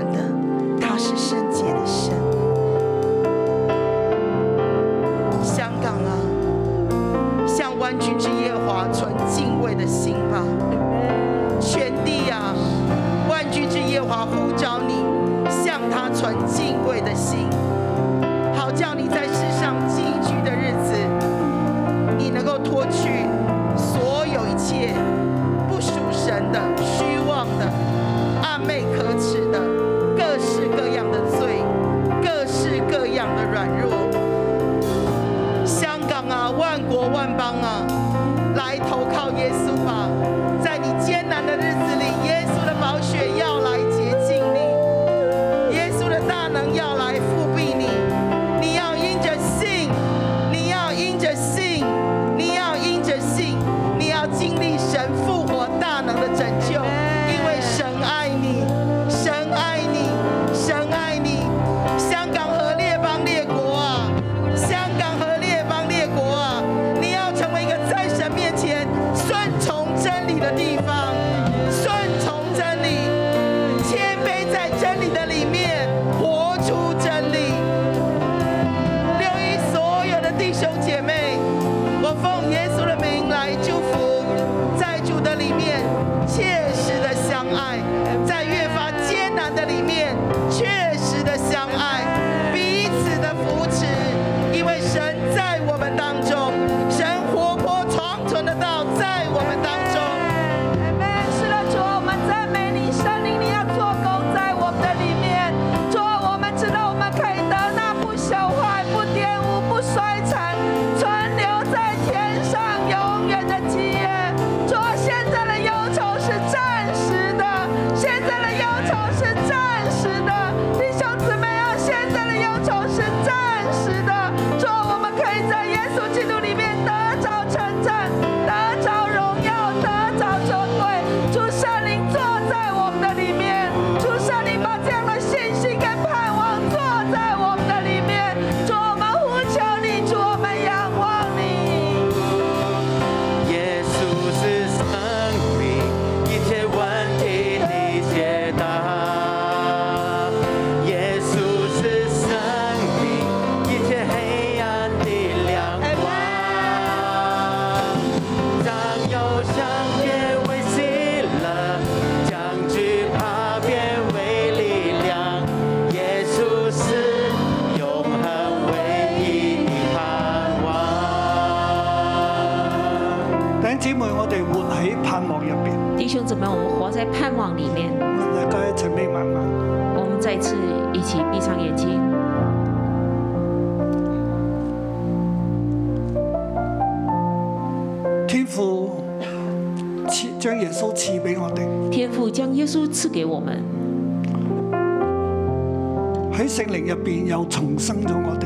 喺聖靈入邊又重生咗我哋，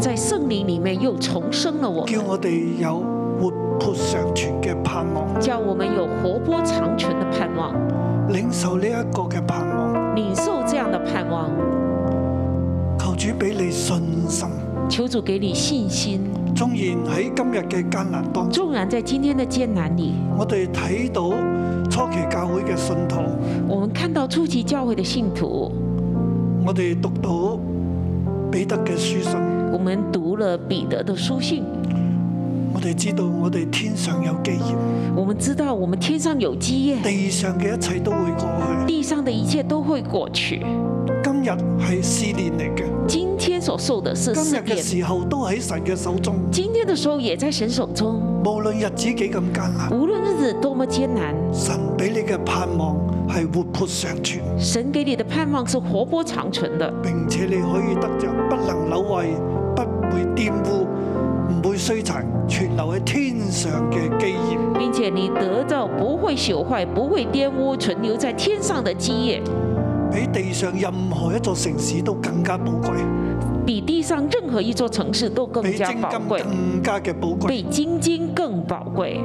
在聖靈裏面又重生了我，叫我哋有活潑常存嘅盼望，叫我們有活潑長存嘅盼望，領受呢一個嘅盼望，領受這樣的盼望。求主俾你信心，求主給你信心。縱然喺今日嘅艱難當，縱然在今天的艱難裏，我哋睇到。初期教會嘅信徒，我們看到初期教會嘅信徒。我哋讀到彼得嘅書信，我們讀了彼得的書信。我哋知道我哋天上有基業，我們知道我們天上有基業，地上嘅一切都會過去，地上的一切都會過去。今日係思念嚟嘅，今天所受嘅是試驗，今日嘅時候都喺神嘅手中，今天嘅時候也在神手中。無論日子幾咁艱難，無論日子多麼艱難。神俾你嘅盼望係活潑常存。神給你的盼望是活潑常存的，並且你可以得着不能朽壞、不會玷污、唔會衰殘、存留喺天上嘅基業。並且你得着不會朽壞、不會玷污、存留在天上嘅基業，比地上任何一座城市都更加寶貴。比地上任何一座城市都更加寶貴。比晶晶更寶貴。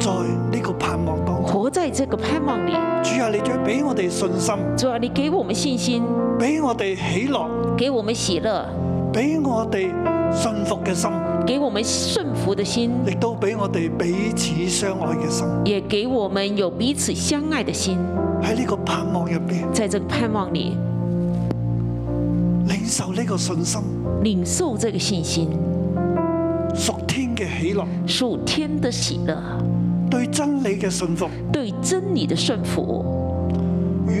在呢個盼望當中，活在這個盼望裏。主啊，你再俾我哋信心。主啊，你給我們信心，俾我哋喜樂，給我們喜樂，俾我哋信服嘅心，給我們信服嘅心，亦都俾我哋彼此相愛嘅心。也給我們有彼此相愛的心。喺呢個盼望入邊，在這個盼望裏，領受呢個信心，領受這個信心，屬天嘅喜樂，屬天的喜樂。對真理嘅信服，對真理嘅信服，以及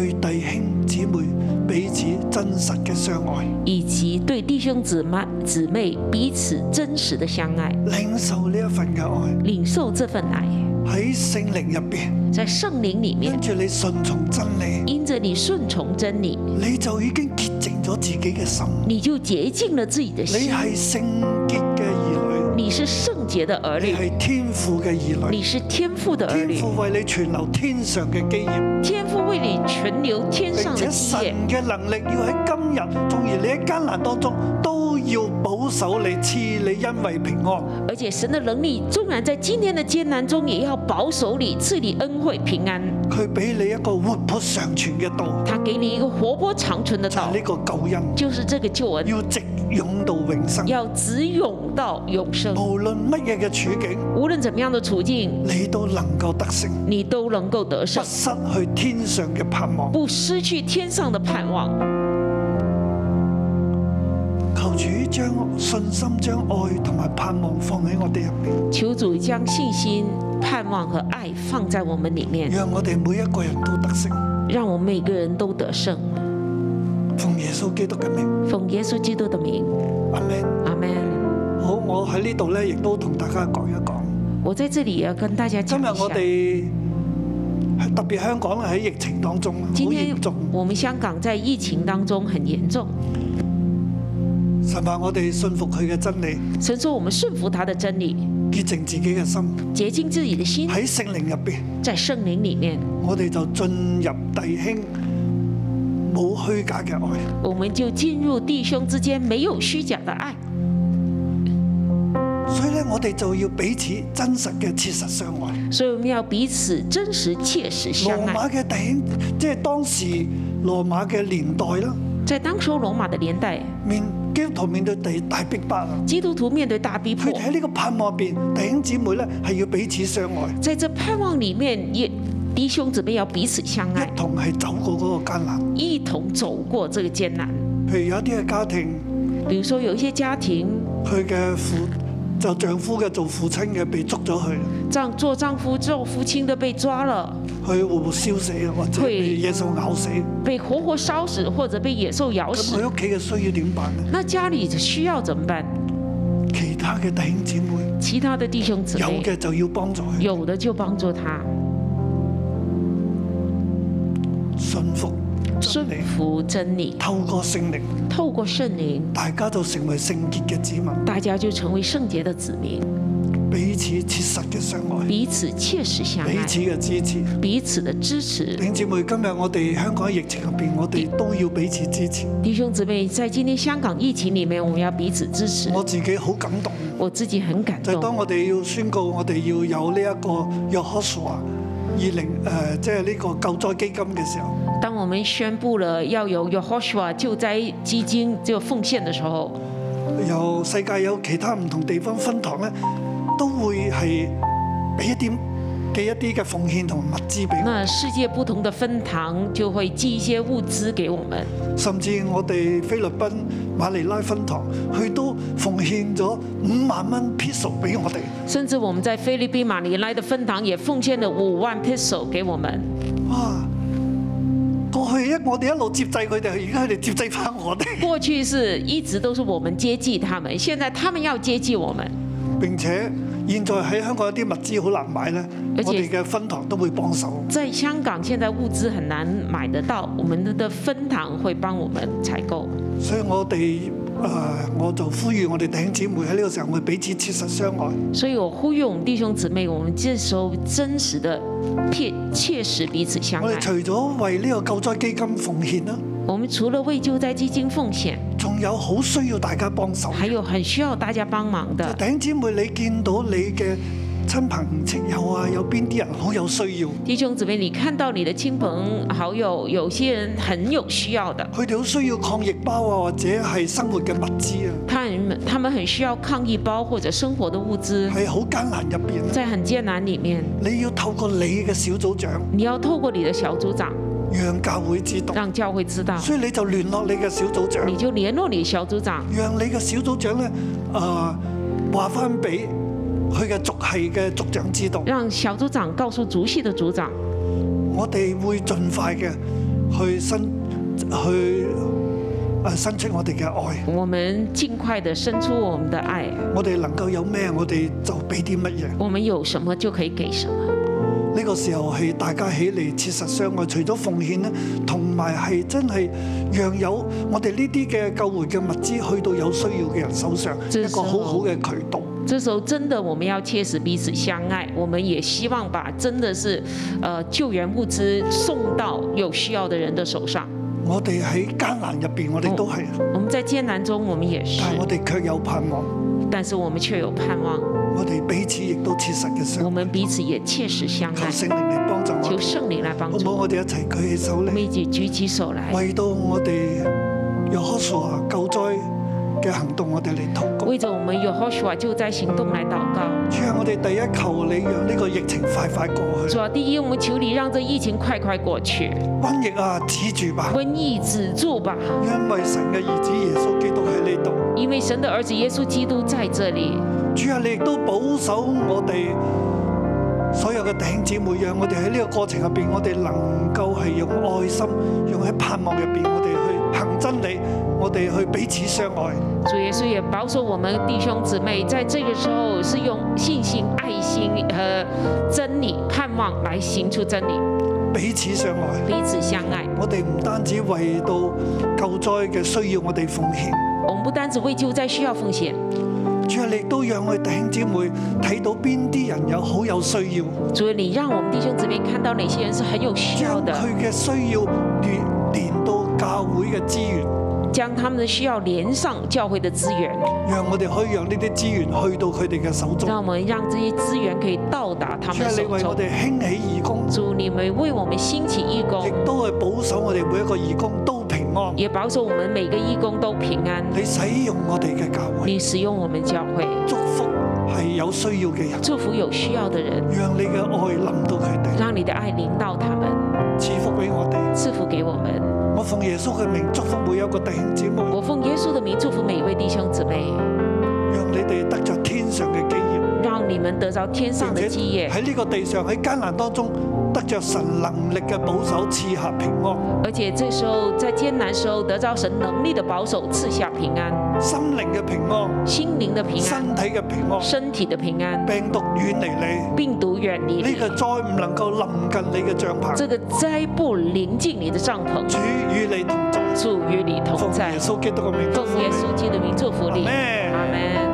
對弟兄姊妹彼此真實嘅相愛，以及對弟兄姊妹姊妹彼此真實嘅相愛，領受呢一份嘅愛，領受這份愛喺聖靈入邊，在聖靈裏面，因着你順從真理，因着你順從真理，你就已經潔淨咗自己嘅心，你就潔淨了自己的心。你你是聖潔的兒女，你是天父的兒女，天父為你存留天上嘅基業，天父為你存留天上嘅基業。而且神嘅能力要喺今日，縱然你喺艱難當中，都要保守你賜你恩惠平安。而且神的能力，縱然在今天的艱難中，也要保守你賜你恩惠平安。佢俾你一個活潑長存嘅道，他給你一個活潑長存的道。就呢、是、個救恩，就是這個救恩。要直。湧到永生，要只湧到永生。無論乜嘢嘅處境，無論怎麼樣的處境，你都能夠得勝，你都能夠得勝，不失去天上嘅盼望，不失去天上的盼望。求主將信心、將愛同埋盼望放喺我哋入面，求主將信心、盼望和愛放在我們裏面，讓我哋每一個人都得勝，讓我每個人都得勝。奉耶穌基督嘅名。奉耶穌基督嘅名。阿門，阿門，好，我喺呢度咧，亦都同大家講一講。我在這裏要跟大家講一下。今日我哋特別香港喺疫情當中。今天我們香港在疫情當中很嚴重。神說，我哋信服佢嘅真理。神說，我們信服他的真理。潔淨自己嘅心。潔淨自己嘅心。喺聖靈入邊。在聖靈裏面。我哋就進入弟兄。冇虛假嘅愛，我們就進入弟兄之間沒有虛假嘅愛。所以咧，我哋就要彼此真實嘅切實相愛。所以，我們要彼此真實切實相愛。羅馬嘅弟兄，即係當時羅馬嘅年代啦。在當時羅馬嘅年代，面基督徒面對大逼迫，基督徒面對大逼迫。佢喺呢個盼望邊，弟兄姊妹咧係要彼此相愛。喺這盼望裡面也，也弟兄姊妹要彼此相愛，一同係走過嗰個艱難，一同走過這個艱難。譬如有啲嘅家庭，比如說有一些家庭，佢嘅父就丈夫嘅做父親嘅被捉咗去了，丈做丈夫做父親的被抓了，佢會唔會燒死啊？或者野獸咬死？被活活燒死或者被野獸咬死？佢屋企嘅需要點辦呢？那家裏需要怎麼辦？其他嘅弟兄姊妹，其他的弟兄姊妹有嘅就要幫助佢，有嘅就幫助他。信服、信服真理，透過聖靈，透過聖靈，大家就成為聖潔嘅子民。大家就成為聖潔的子民，彼此切實嘅相愛，彼此切實相愛，彼此嘅支持，彼此的支持。弟兄姊妹，今日我哋香港疫情入邊，我哋都要彼此支持。弟兄姊妹，在今天香港疫情裡面，我們要彼此支持。我自己好感動，我自己很感動。就是、當我哋要宣告，我哋要有呢一個約翰書二零誒即係呢個救災基金嘅時候。當我們宣布了要有 Yeshua 救災基金就奉獻嘅時候，有世界有其他唔同地方分堂咧，都會係俾一點。寄一啲嘅奉獻同物資俾世界。世界不同的分堂就會寄一些物資給我們。甚至我哋菲律賓馬尼拉分堂，佢都奉獻咗五萬蚊 piso 俾我哋。甚至我們在菲律賓馬尼拉嘅分堂也奉獻了五萬 piso 給我們。哇！過去一我哋一路接濟佢哋，而家佢哋接濟返我哋。過去是一直都是我們接濟他們，現在他們要接濟我們。並且。現在喺香港有啲物資好難買呢，我哋嘅分堂都會幫手。在香港，在香港現在物資很難買得到，我們的分堂會幫我們採購。所以我哋誒，我就呼籲我哋弟兄姊妹喺呢個時候，我哋彼此切實相愛。所以我呼籲我們弟兄姊妹，我們這時候真實的、切、切實彼此相愛。我哋除咗為呢個救災基金奉獻啦，我們除了為救災基金奉獻，仲有好需要大家幫手，還有很需要大家幫忙的。頂姊妹，你見到你嘅親朋戚友啊，有邊啲人好有需要？弟兄姊妹，你看到你的親朋好友，有些人很有需要的，佢哋好需要抗疫包啊，或者係生活嘅物資啊。他很，他們很需要抗疫包或者生活的物資，係好艱難入邊，在很艱難裏面，你要透過你嘅小組長，你要透過你嘅小組長。讓教會知道，讓教會知道。所以你就聯絡你嘅小組長，你就聯絡你小組長，讓你嘅小組長咧，誒話翻俾佢嘅族系嘅族長知道。讓小組長告訴族系嘅組長，我哋會盡快嘅去伸去誒伸出我哋嘅愛。我們盡快的伸出我們的愛。我哋能夠有咩，我哋就俾啲乜嘢。我們有什麼就可以給什麼。呢、這個時候係大家起嚟，切實相愛，除咗奉獻咧，同埋係真係讓有我哋呢啲嘅救援嘅物資去到有需要嘅人手上，一個好好嘅渠道。這時候真的我們要切實彼此相愛，我們也希望把真的是，救援物資送到有需要的人的手上。我哋喺艱難入邊，我哋都係。我們在艱難中，我們也是。但我哋卻有盼望。但是我們卻有盼望。我哋彼此亦都切實嘅相，我們彼此也切實相愛。求聖靈嚟幫助我，求聖靈嚟幫助。好唔好？我哋一齊舉起手咧。我們一齊舉起手來。為到我哋約書亞救災嘅行動，我哋嚟禱告。為着我們約書亞救災行動嚟禱告。請、嗯、我哋第一求你讓呢個疫情快快過去。作第一，我們求你讓這疫情快快過去。瘟疫啊，止住吧！瘟疫止住吧！因為神嘅兒子耶穌基督喺呢度。因為神嘅兒子耶穌基督在這裏。主啊，你亦都保守我哋所有嘅弟兄姊妹，妹，讓我哋喺呢個過程入邊，我哋能夠係用愛心、用喺盼望入邊，我哋去行真理，我哋去彼此相愛。主耶穌也保守我們弟兄姊妹，在這個時候是用信心、愛心和真理、盼望來行出真理，彼此相愛，彼此相愛。我哋唔單止為到救災嘅需要，我哋奉獻。我們不單止為救災需要奉獻。主啊！你都讓我哋弟兄姊妹睇到邊啲人有好有需要。主啊！你讓我們弟兄姊妹看到哪些人是很有需要的。佢嘅需要連，連到教會嘅資源，將他們的需要連上教會的資源，讓我哋可以讓呢啲資源去到佢哋嘅手中。讓我們讓這些資源可以到達他們手中。主啊！你為我哋興起義工，主，你為為我們興起義工，亦都係保守我哋每一個義工都。也保守我們每個義工都平安。你使用我哋嘅教會，你使用我們教會，祝福係有需要嘅人，祝福有需要嘅人，讓你嘅愛諗到佢哋，讓你嘅愛淋到他們，賜福俾我哋，賜福給我們。我奉耶穌嘅名祝福每一個弟兄姊妹，我奉耶穌嘅名祝福每一位弟兄姊妹，讓你哋得着天上嘅基業，讓你們得着天上嘅基業。喺呢個地上，喺艱難當中。得着神能力嘅保守賜下平安，而且這時候在艱難的時候得着神能力的保守賜下平安，心靈嘅平安，心靈嘅平安，身體嘅平安，身體嘅平安，病毒遠離你，病毒遠離，離、這個、你，呢個災唔能夠臨近你嘅帳篷，這個災不臨近你嘅帳篷，主與你同在，主與你同在，奉耶穌基督嘅名，祝，督名祝福你，阿門。